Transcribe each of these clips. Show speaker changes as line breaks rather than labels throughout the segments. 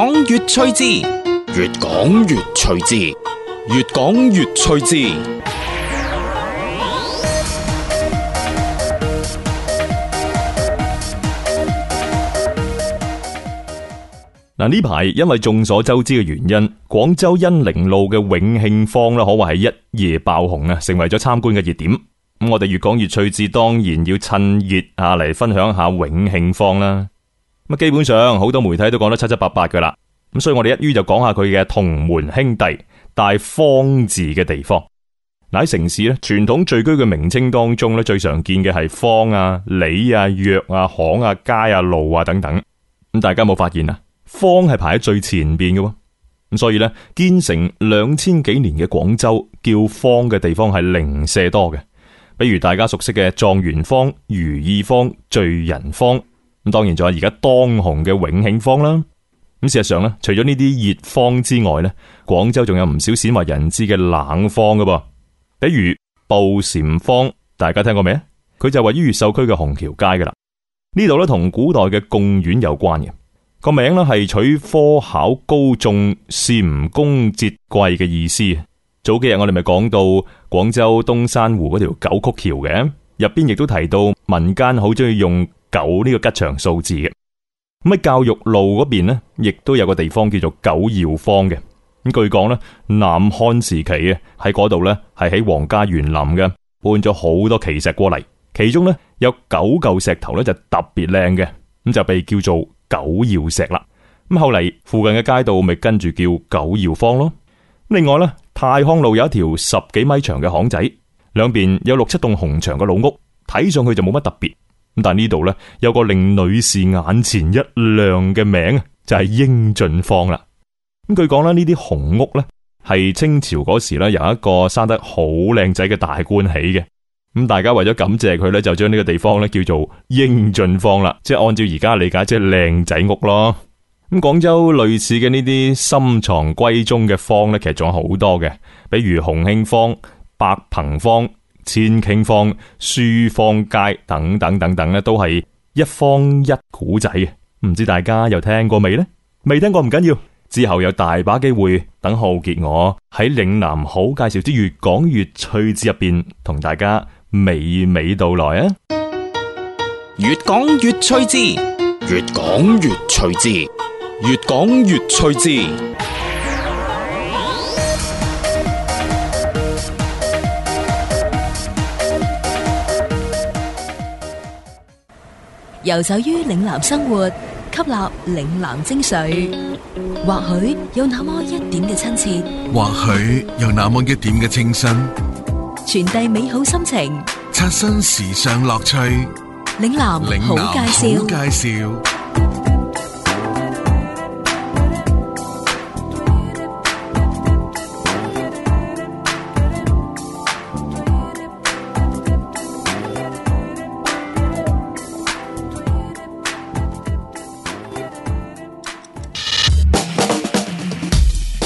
講越,越趣致，越講越趣致，越
講越趣致。嗱呢排因為眾所周知嘅原因，廣州恩寧路嘅永慶坊咧，可謂係一夜爆紅啊，成為咗參觀嘅熱點。咁我哋越講越趣致，當然要趁熱啊嚟分享下永慶坊啦。咁基本上好多媒體都講得七七八八㗎啦，咁所以我哋一於就講下佢嘅同門兄弟帶方字嘅地方。嗱，喺城市咧，傳統聚居嘅名稱當中咧，最常見嘅係方啊、里啊、約啊、巷啊、街啊、路啊等等。咁大家有冇發現啊？方係排喺最前邊嘅，咁所以咧，建成兩千幾年嘅廣州，叫方嘅地方係零舍多嘅。比如大家熟悉嘅狀元坊、如意坊、聚人坊。當然就係而家當紅嘅永慶坊啦。咁事實上咧，除咗呢啲熱坊之外咧，廣州仲有唔少鮮為人知嘅冷坊噶噃。比如布禪坊，大家聽過未啊？佢就位於越秀區嘅洪橋街噶啦。呢度咧同古代嘅貢院有關嘅，個名咧係取科考高中、蟾宮折桂嘅意思。早幾日我哋咪講到廣州東山湖嗰條九曲橋嘅，入邊亦都提到民間好中意用。九呢個吉祥數字嘅，咁喺教育路嗰邊咧，亦都有個地方叫做九曜坊嘅。咁據講咧，南漢時期啊，喺嗰度咧係喺皇家園林嘅，搬咗好多奇石過嚟，其中咧有九嚿石頭咧就特別靚嘅，咁就被叫做九曜石啦。咁後嚟附近嘅街道咪跟住叫九曜坊咯。另外咧，泰康路有一條十幾米長嘅巷仔，兩邊有六七棟紅牆嘅老屋，睇上去就冇乜特別。但呢度呢，有個令女士眼前一亮嘅名就係英俊坊啦。咁據講啦，呢啲紅屋呢，係清朝嗰時呢由一個生得好靚仔嘅大官起嘅。咁大家為咗感謝佢呢，就將呢個地方呢叫做英俊坊啦。即係按照而家理解，即係靚仔屋咯。咁廣州類似嘅呢啲深藏閨中嘅坊呢，其實仲有好多嘅，比如洪興坊、白鵬坊。千頃方，書方街，等等等等咧，都係一方一古仔。唔知大家又聽過未呢？未聽過唔緊要，之後有大把機會等浩傑我喺嶺南好介紹嘅越講越趣字入邊，同大家娓娓道來啊！越講越趣字，越講越趣字，越講越趣字。
游走於嶺南生活，吸納嶺南精髓，或許有那麼一點嘅親切，
或許有那麼一點嘅清新，
傳遞美好心情，
刷新時尚樂趣。
嶺南好介紹。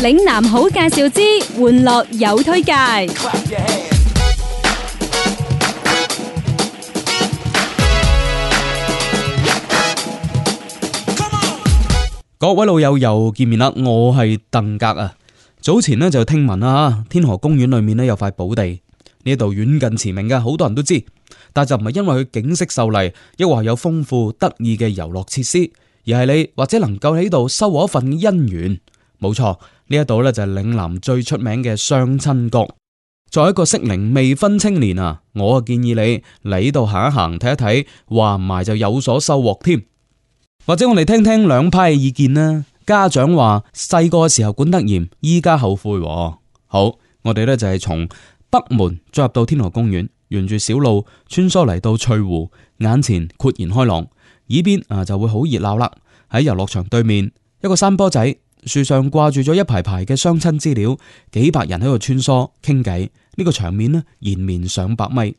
嶺南好介紹之玩樂有推介，
各位老友又見面啦！我係鄧格啊，早前咧就聽聞啦吓，天河公園裏面咧有塊寶地，呢度遠近馳名嘅，好多人都知，但係就唔係因為佢景色秀麗，抑或係有豐富得意嘅遊樂設施，而係你或者能夠喺度收穫一份姻緣，冇錯。呢一度咧就係嶺南最出名嘅相親角。作為一個適齡未婚青年啊，我建議你嚟呢度行一行，睇一睇，話唔埋就有所收穫添。或者我哋聽聽兩派意見啦。家長話細個時候管得嚴，依家後悔。好，我哋咧就係從北門進入到天河公園，沿住小路穿梭嚟到翠湖，眼前豁然開朗，耳邊啊就會好熱鬧啦。喺遊樂場對面一個山坡仔。樹上掛住咗一排排嘅相親資料，幾百人喺度穿梭傾偈。呢個場面呢延綿上百米。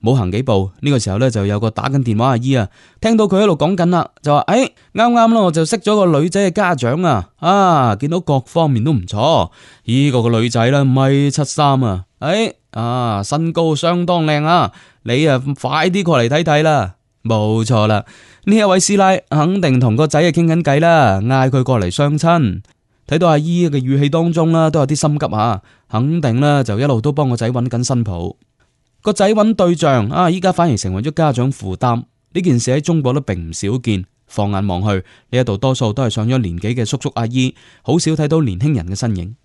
冇行幾步，呢個時候呢就有個打緊電話阿姨啊，聽到佢喺度講緊啦，就話：，哎，啱啱啦，我就識咗個女仔嘅家長啊，啊，見到各方面都唔錯，呢個女仔呢，米七三啊，哎，啊，身高相當靚啊，你啊快啲過嚟睇睇啦。冇錯啦，呢一位師奶肯定同個仔啊傾緊偈啦，嗌佢過嚟相親。睇到阿姨嘅語氣當中啦，都有啲心急吓，肯定啦就一路都幫個仔揾緊新抱。個仔揾對象啊，依家反而成為咗家長負擔。呢件事喺中國都並唔少見。放眼望去，呢一度多數都係上咗年紀嘅叔叔阿姨，好少睇到年輕人嘅身影。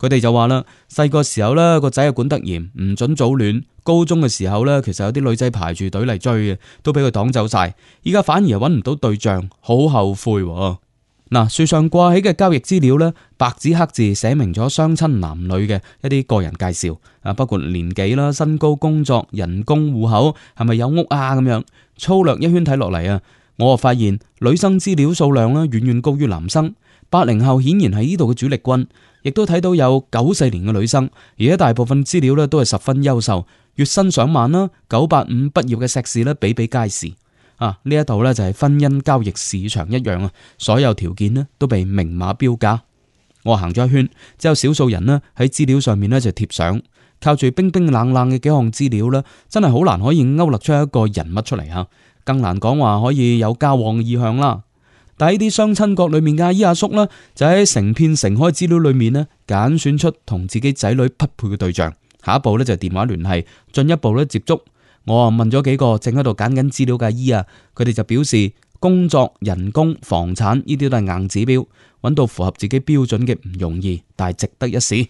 佢哋就話啦，細個時候咧，個仔又管得嚴，唔準早戀。高中嘅時候咧，其實有啲女仔排住隊嚟追嘅，都俾佢擋走晒。依家反而係揾唔到對象，好後悔。嗱、啊，樹上掛起嘅交易資料咧，白紙黑字寫明咗相親男女嘅一啲個人介紹，啊，包括年紀啦、身高、工作、人工、戶口，係咪有屋啊咁樣。粗略一圈睇落嚟啊，我啊發現女生資料數量咧遠遠高於男生。八零後顯然係呢度嘅主力軍，亦都睇到有九四年嘅女生，而且大部分資料咧都係十分優秀，月薪上萬啦，九八五畢業嘅碩士咧比比皆是。啊，呢一度呢，就係婚姻交易市場一樣啊，所有條件咧都被明碼標價。我行咗一圈之後，只有少數人呢喺資料上面呢就貼相，靠住冰冰冷冷嘅幾項資料呢，真係好難可以勾勒出一個人物出嚟啊，更難講話可以有交往意向啦。喺啲相親角裏面嘅阿姨阿叔呢，就喺成片成開資料裏面呢，揀選出同自己仔女匹配嘅對象，下一步呢，就是、電話聯繫，進一步咧接觸。我啊問咗幾個正喺度揀緊資料嘅阿姨啊，佢哋就表示工作、人工、房產呢啲都係硬指標，揾到符合自己標準嘅唔容易，但係值得一試。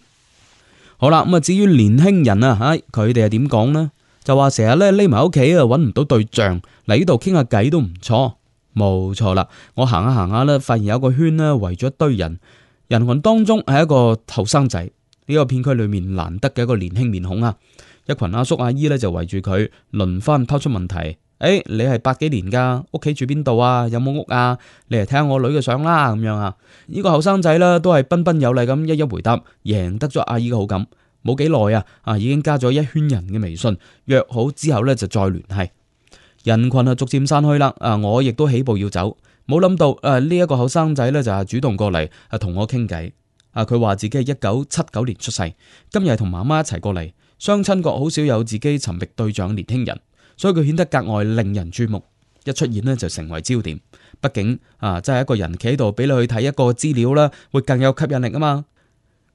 好啦，咁啊至於年輕人啊，唉，佢哋係點講呢？就話成日咧匿埋屋企啊，揾唔到對象嚟呢度傾下偈都唔錯。冇錯啦，我行下行下咧，發現有一個圈呢圍咗一堆人，人群當中係一個後生仔，呢個片區裏面難得嘅一個年輕面孔啊！一群阿叔阿姨咧就圍住佢輪番拋出問題，誒，你係八幾年噶？屋企住邊度啊？有冇屋啊？你嚟睇下我女嘅相啦，咁樣啊！呢個後生仔呢，都係彬彬有禮咁一一回答，贏得咗阿姨嘅好感。冇幾耐啊，啊已經加咗一圈人嘅微信，約好之後呢，就再聯繫。人群啊，逐漸散去啦。啊，我亦都起步要走，冇諗到，誒，呢一個後生仔咧就係主動過嚟啊，同我傾偈。啊，佢話自己係一九七九年出世，今日同媽媽一齊過嚟。相親角好少有自己尋覓對象年輕人，所以佢顯得格外令人注目。一出現呢，就成為焦點，畢竟啊，真係一個人企喺度俾你去睇一個資料啦，會更有吸引力啊嘛。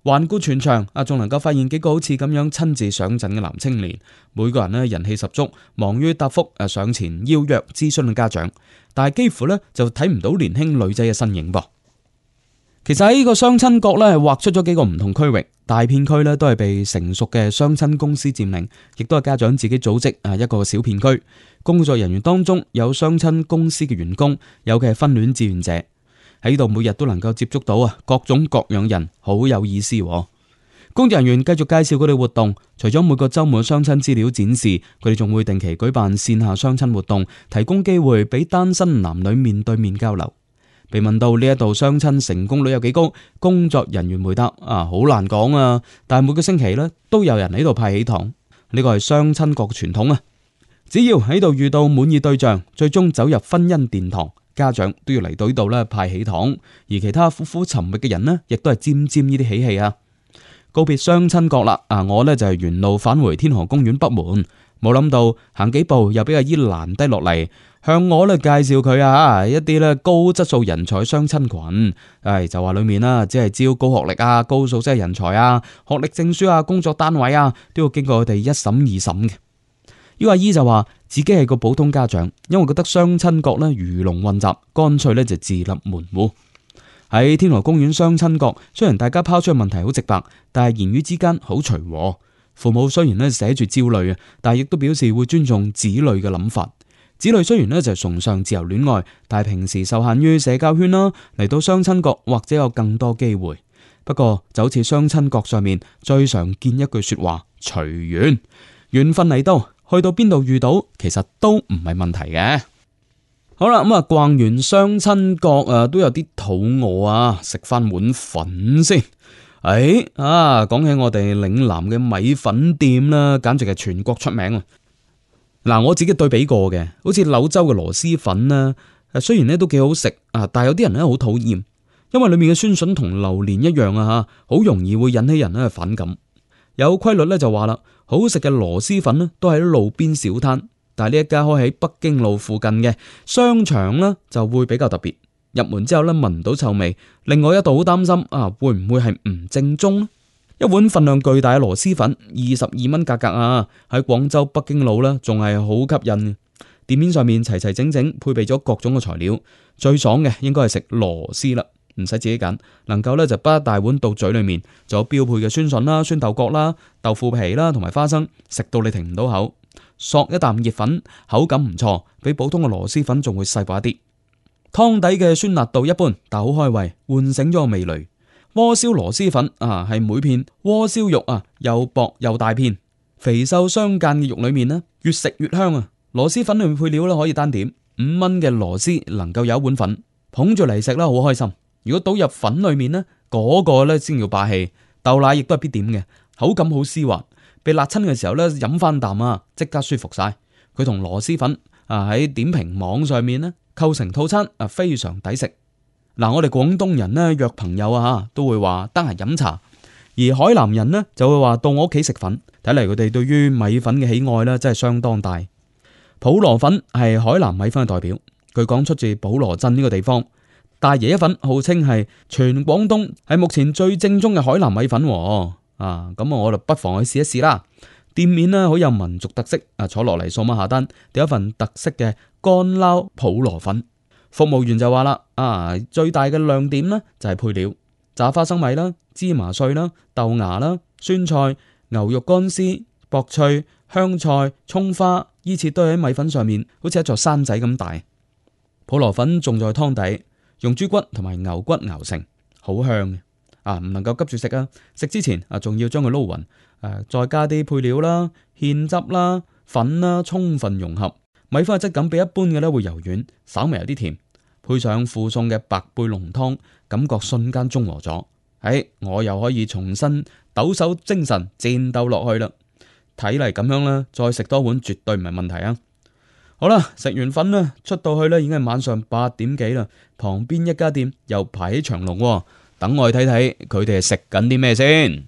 環顧全場，啊，仲能夠發現幾個好似咁樣親自上陣嘅男青年，每個人呢，人氣十足，忙於答覆啊上前邀約、諮詢嘅家長，但係幾乎呢，就睇唔到年輕女仔嘅身影噃。其實喺呢個相親角呢，劃出咗幾個唔同區域，大片區呢都係被成熟嘅相親公司佔領，亦都係家長自己組織啊一個小片區。工作人員當中有相親公司嘅員工，有嘅係婚戀志願者。喺度每日都能夠接觸到啊，各種各樣人，好有意思喎。工作人員繼續介紹佢哋活動，除咗每個周末相親資料展示，佢哋仲會定期舉辦綫下相親活動，提供機會俾單身男女面對面交流。被問到呢一度相親成功率有幾高，工作人員回答：啊，好難講啊，但係每個星期呢，都有人喺度派喜糖，呢個係相親角傳統啊。只要喺度遇到滿意對象，最終走入婚姻殿堂。家長都要嚟到呢度咧派喜糖，而其他苦苦尋覓嘅人呢，亦都係沾沾呢啲喜氣啊！告別雙親國啦，啊，我呢就是，沿路返回天河公園北門，冇諗到行幾步又俾阿姨攔低落嚟，向我呢介紹佢啊一啲呢高質素人才相親群，係，哎，就話裏面呢，啊，只係招高學歷啊、高素質人才啊、學歷證書啊、工作單位啊，都要經過佢哋一審二審嘅。呢阿姨就話。自己係個普通家長，因為覺得相親角呢魚龍混雜，乾脆呢就自立門戶。喺天河公園相親角，雖然大家拋出嘅問題好直白，但係言語之間好隨和。父母雖然呢寫住焦慮啊，但係亦都表示會尊重子女嘅諗法。子女雖然呢就崇尚自由戀愛，但係平時受限於社交圈啦，嚟到相親角或者有更多機會。不過就好似相親角上面最常見一句說話：隨緣，緣分嚟到。去到邊度遇到，其實都唔係問題嘅。好啦，咁啊逛完相親角啊，都有啲肚餓啊，食翻碗粉先。誒、哎、啊，講起我哋嶺南嘅米粉店啦，簡直係全國出名啊。嗱，我自己對比過嘅，好似柳州嘅螺螄粉啦，誒，雖然咧都幾好食啊，但係有啲人咧好討厭，因為裏面嘅酸筍同榴蓮一樣啊，吓，好容易會引起人咧反感。有規律咧就話啦，好食嘅螺螄粉咧都喺路邊小攤，但係呢一家開喺北京路附近嘅商場呢，就會比較特別。入門之後呢，聞唔到臭味，令我一度好擔心啊，會唔會係唔正宗咧？一碗份量巨大嘅螺螄粉，二十二蚊價格啊，喺廣州北京路呢，仲係好吸引。店面上面齊齊整整整，配備咗各種嘅材料，最爽嘅應該係食螺螄啦。唔使自己揀，能夠咧就不一大碗到嘴裏面，仲有標配嘅酸筍啦、酸豆角啦、豆腐皮啦同埋花生，食到你停唔到口。嗦一啖熱粉，口感唔錯，比普通嘅螺螄粉仲會細寡啲。湯底嘅酸辣度一般，但好開胃，喚醒咗個味蕾。窩燒螺螄粉啊，係每片窩燒肉啊又薄又大片，肥瘦相間嘅肉裏面咧，越食越香啊！螺螄粉裏面配料咧可以單點，五蚊嘅螺螄能夠有一碗粉，捧住嚟食啦，好開心。如果倒入粉裏面呢嗰、嗰個呢先叫霸氣。豆奶亦都係必點嘅，口感好絲滑。被辣親嘅時候呢，飲翻啖啊，即刻舒服晒。佢同螺螄粉啊喺點評網上面呢，構成套餐啊，非常抵食。嗱、啊，我哋廣東人呢，約朋友啊都會話得閒飲茶；而海南人呢，就會話到我屋企食粉。睇嚟佢哋對於米粉嘅喜愛呢，真係相當大。普羅粉係海南米粉嘅代表，據講出自普羅鎮呢個地方。大爺一份，號稱係全廣東係目前最正宗嘅海南米粉，哦、啊。咁我就不妨去試一試啦。店面呢，好有民族特色啊，坐落嚟，掃碼下單，第一份特色嘅乾撈普羅粉。服務員就話啦：啊，最大嘅亮點呢，就係配料，炸花生米啦、芝麻碎啦、豆芽啦、酸菜、牛肉乾絲、薄脆、香菜、蔥花，依次堆喺米粉上面，好似一座山仔咁大。普羅粉仲在湯底。用豬骨同埋牛骨熬成，好香嘅啊！唔能夠急住食啊！食之前啊，仲要將佢撈勻，誒、啊，再加啲配料啦、啊、芡汁啦、啊、粉啦、啊，充分融合。米粉嘅質感比一般嘅咧會柔軟，稍微有啲甜，配上附送嘅白貝濃湯，感覺瞬間中和咗。誒、哎，我又可以重新抖擻精神戰鬥落去啦！睇嚟咁樣啦，再食多碗絕對唔係問題啊！好啦，食完粉啦，出到去咧已經係晚上八點幾啦。旁邊一家店又排起長龍，等我去睇睇佢哋係食緊啲咩先。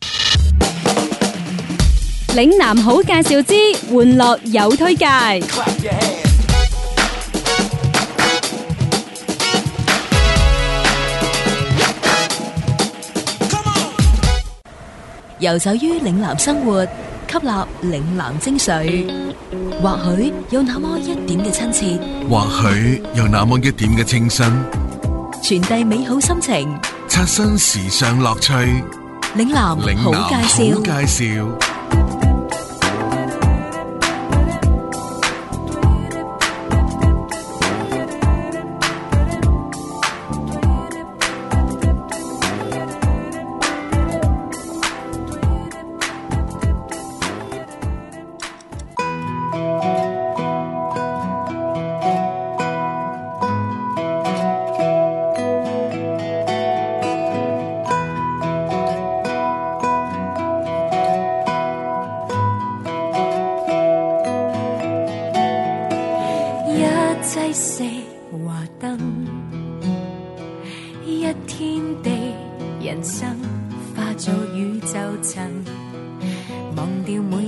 嶺南好介紹之，玩樂有推介。游走於嶺南生活。吸納嶺南精髓，或許有那麼一點嘅親切，
或許有那麼一點嘅清新，
傳遞美好心情，
刷新時尚樂趣。
嶺南好介
紹。
即使熄華燈，一天的人生化作宇宙塵，忘掉每。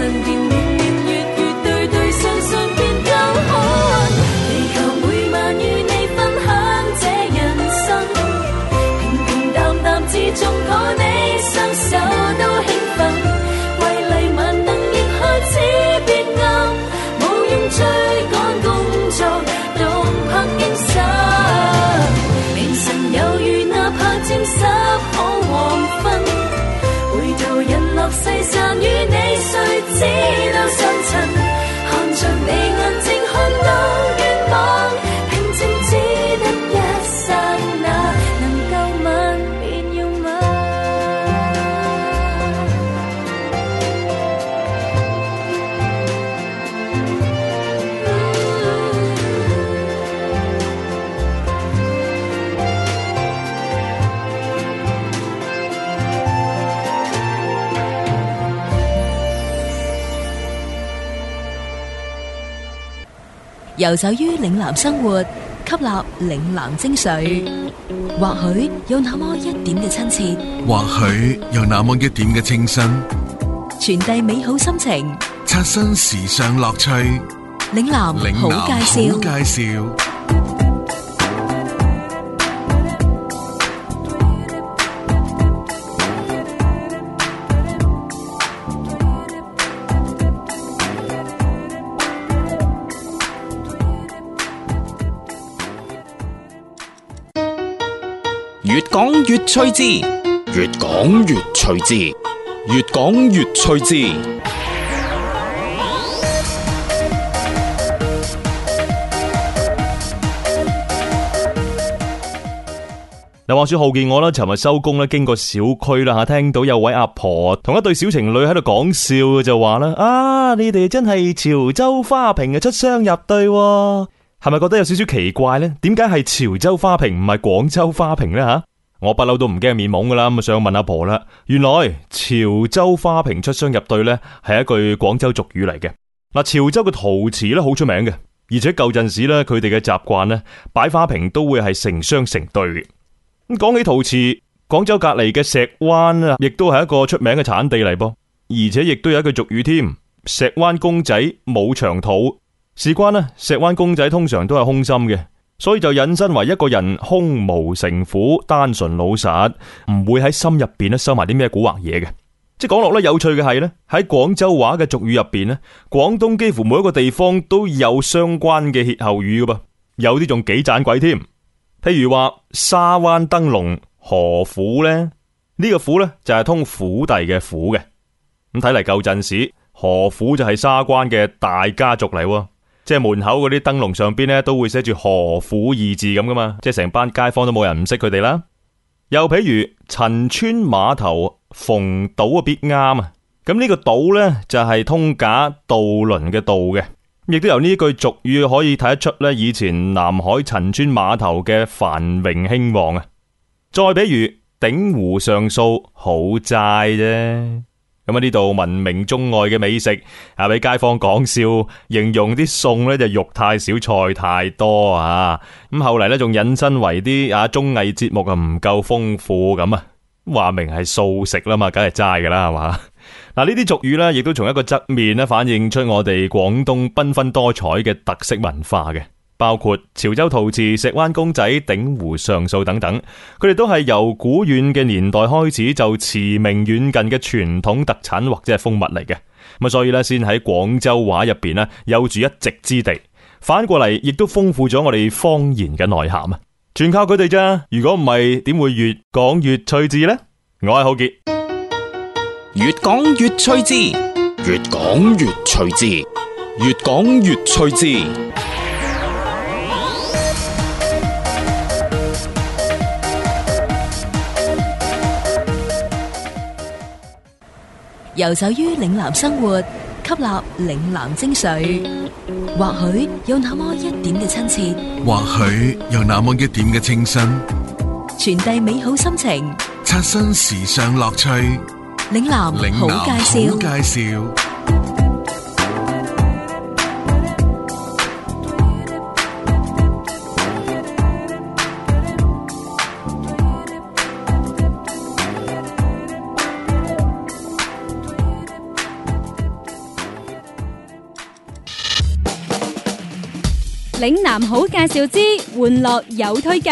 曾經。
遊走於嶺南生活，吸納嶺南精髓，或許有那麼一點嘅親切，
或許有那麼一點嘅清新，
傳遞美好心情，
刷新時尚樂趣。
嶺南好介
紹。
越趣致，越講越趣致，越講越趣致。
嗱，話說浩見我啦，尋日收工咧，經過小區啦，吓聽到有位阿婆同一對小情侶喺度講笑，就話啦：啊，你哋真係潮州花瓶雙啊，出雙入對，係咪覺得有少少奇怪呢？點解係潮州花瓶唔係廣州花瓶呢？」吓？我不嬲都唔驚面懵噶啦，咁啊想問阿婆啦。原來潮州花瓶出雙入對呢係一句廣州俗語嚟嘅。嗱，潮州嘅陶瓷呢好出名嘅，而且舊陣時呢，佢哋嘅習慣呢，擺花瓶都會係成雙成對嘅。咁講起陶瓷，廣州隔籬嘅石灣啊，亦都係一個出名嘅產地嚟噃。而且亦都有一句俗語添：「石灣公仔冇長肚」，事關呢，石灣公仔通常都係空心嘅。所以就引申為一個人胸無城府、單純老實，唔會喺心入邊咧收埋啲咩古惑嘢嘅。即係講落咧，有趣嘅係咧，喺廣州話嘅俗語入邊咧，廣東幾乎每一個地方都有相關嘅歇後語嘅噃，有啲仲幾盞鬼添。譬如話沙灣燈籠何府咧？呢個府咧就係通府第嘅府嘅。咁睇嚟舊陣時，何府就係沙關嘅大家族嚟喎。即係門口嗰啲燈籠上邊咧都會寫住何府二字咁噶嘛，即係成班街坊都冇人唔識佢哋啦。又譬如陳村碼頭逢島必啱啊，咁呢個島呢，就係通假渡輪嘅渡嘅，亦都由呢句俗語可以睇得出呢，以前南海陳村碼頭嘅繁榮興旺啊。再比如鼎湖上素好齋啫。咁呢度聞名中外嘅美食，啊俾街坊講笑，形容啲餸呢就肉太少、菜太多啊！咁後嚟呢，仲引申為啲啊綜藝節目啊唔夠豐富咁啊，話明係素食啦嘛，梗係齋噶啦，係嘛？嗱、 啊，呢啲俗語呢，亦都從一個側面呢反映出我哋廣東繽紛多彩嘅特色文化嘅。包括潮州陶瓷、石灣公仔、鼎湖上素等等，佢哋都係由古遠嘅年代開始就馳名遠近嘅傳統特產或者係風物嚟嘅，咁所以呢，先喺廣州話入邊呢，有住一席之地，反過嚟亦都豐富咗我哋方言嘅內涵啊！全靠佢哋咋？如果唔係，點會越講越趣致呢？我係浩杰，越講越趣致，越講越趣致，越講越趣致，越講越趣致。
遊走於嶺南生活，吸納嶺南精髓，或許有那麼一點嘅親切，
或許有那麼一點嘅清新，
傳遞美好心情，
刷新時尚樂趣。
嶺南好介紹。嶺南好介紹之，玩樂有推介。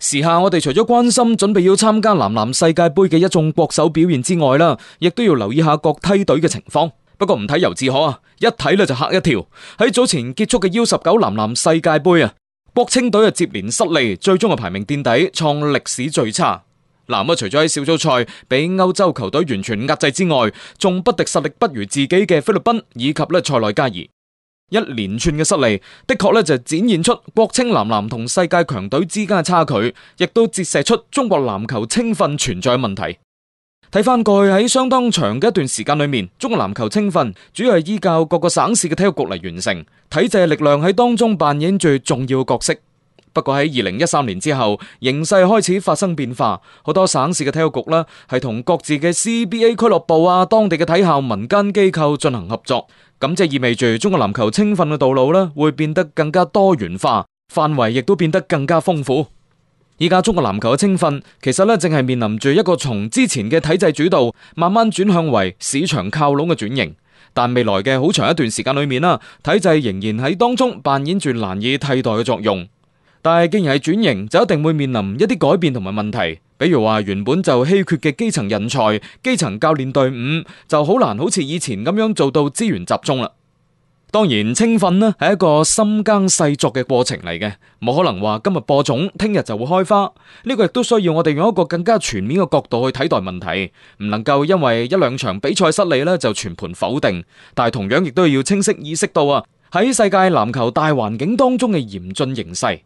時下我哋除咗關心準備要參加男籃世界杯嘅一眾國手表現之外啦，亦都要留意下各梯隊嘅情況。不過唔睇尤志可啊，一睇咧就吓一跳。喺早前結束嘅 U 十九男籃世界杯啊，國青隊啊接連失利，最終啊排名墊底，創歷史最差。男啊，除咗喺小組賽俾歐洲球隊完全壓制之外，仲不敵實力不如自己嘅菲律賓以及咧塞內加爾，一連串嘅失利，的確咧就展現出國青男籃同世界強隊之間嘅差距，亦都折射出中國籃球青訓存在嘅問題。睇翻過去喺相當長嘅一段時間裏面，中國籃球青訓主要係依靠各個省市嘅體育局嚟完成，體制力量喺當中扮演住重要角色。不過喺二零一三年之後，形勢開始發生變化，好多省市嘅體育局啦，係同各自嘅 CBA 俱樂部啊、當地嘅體校、民間機構進行合作。咁即意味住中國籃球青訓嘅道路啦，會變得更加多元化，範圍亦都變得更加豐富。依家中國籃球嘅青訓，其實咧正係面臨住一個從之前嘅體制主導，慢慢轉向為市場靠攏嘅轉型。但未來嘅好長一段時間裏面啦，體制仍然喺當中扮演住難以替代嘅作用。但係既然係轉型，就一定會面臨一啲改變同埋問題，比如話原本就稀缺嘅基層人才、基層教練隊伍，就好難好似以前咁樣做到資源集中啦。當然，青訓呢係一個深耕細作嘅過程嚟嘅，冇可能話今日播種，聽日就會開花。呢個亦都需要我哋用一個更加全面嘅角度去睇待問題，唔能夠因為一兩場比賽失利呢就全盤否定。但係同樣亦都要清晰意識到啊，喺世界籃球大環境當中嘅嚴峻形勢。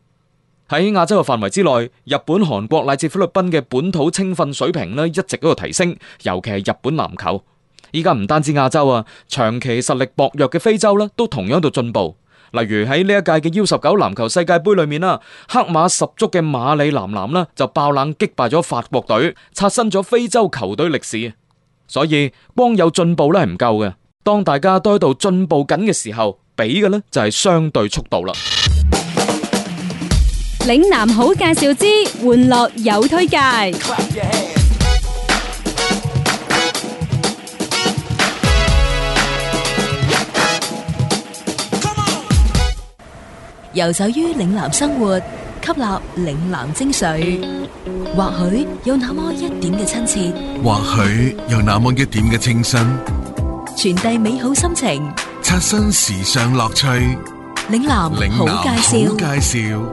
喺亞洲嘅範圍之內，日本、韓國乃至菲律賓嘅本土青訓水平咧，一直喺度提升。尤其係日本籃球，依家唔單止亞洲啊，長期實力薄弱嘅非洲咧，都同樣度進步。例如喺呢一屆嘅 U19 籃球世界杯裏面啊，黑馬十足嘅馬里男籃呢就爆冷擊敗咗法國隊，刷新咗非洲球隊歷史。所以光有進步咧係唔夠嘅。當大家都喺度進步緊嘅時候，比嘅呢就係相對速度啦。
嶺南好介紹之，玩樂有推介。游走於嶺南生活，吸納嶺南精髓，或許有那麼一點嘅親切，
或許有那麼一點嘅清新，
傳遞美好心情，
刷新時尚樂趣。
嶺南好介
紹。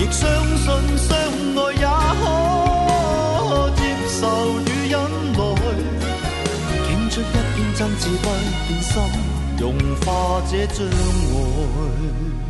亦相信相愛也可接受與忍耐，傾出一片真摯不變心，融化這障礙。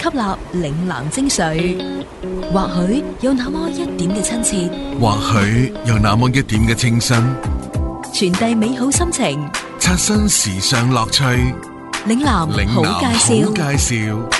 吸納嶺南精髓，或許有那麼一點嘅親切，
或許有那麼一點嘅清新，
傳遞美好心情，
刷新時尚樂趣。
嶺南，嶺南好介
紹。